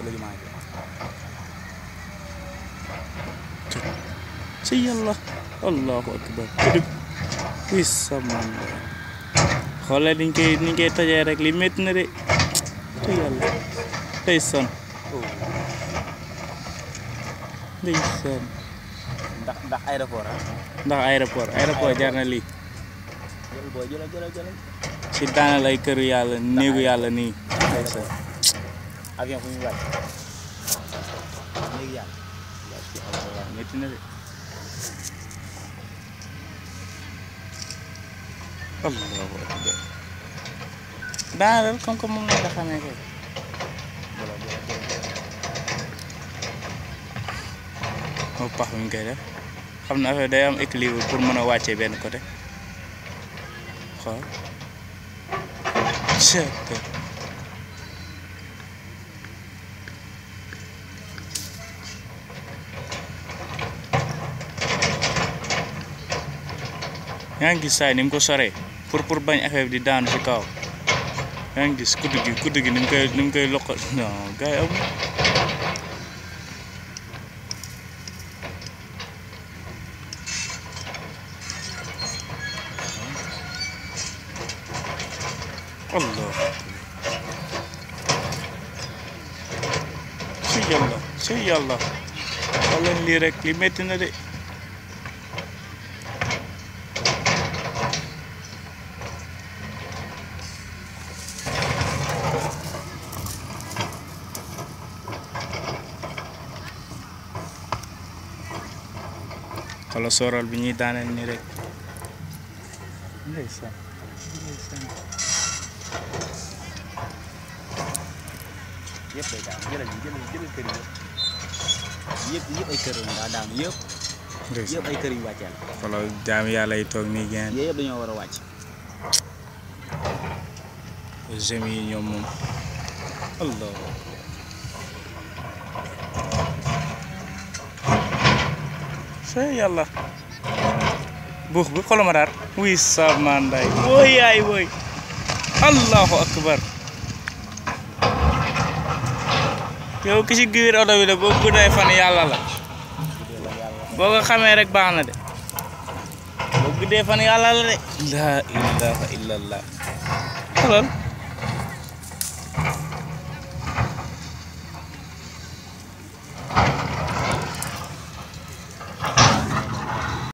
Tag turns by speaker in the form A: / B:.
A: lagi aja. Sialah. Allahu Akbar Hidup Bisa manda Kalau ini ke ini ke itu jarak limit nere Sialah. Tyson Tyson Dak dak aeropor Dak aeropor aeropor jalan li. Jalan jal jalan jalan jalan. lay lagi yàlla néegu yàlla nii Tyson Había un lugar. Media. Me tiene de. Allah Akbar. Dah, dah, kamu kamu nak dah kami ke? moo pax mi ngi koy def xam na affaire day am équilibre pour mën a wàccee benn côté xool yang ngi gis kau sore pur pur banyak kayak di daanu si kau yang gis kudu gini kudu gini ni mu lokal no gay abu Allah. Sey yàlla sey yàlla wala xala sooral bi ñuy daaneel nii rek ndeysaan ndeysaan yëpp day daan jëlal jëlal jëlal kër yi yëpp yëpp ay kër yi daa daan yëpp yëpp ay kër yu wàcceel xoolal jaam yàlla yi toog nii geen yëpp dañoo war a wàcc jeunes yi ñoom moom allah sa yàlla buux bi xoloma daar wuy sama nday wooy yaay wooy allahu akbar yow ki ci giir oto bi la fan yàlla la boo ko xamee fan yàlla la de laa ilaha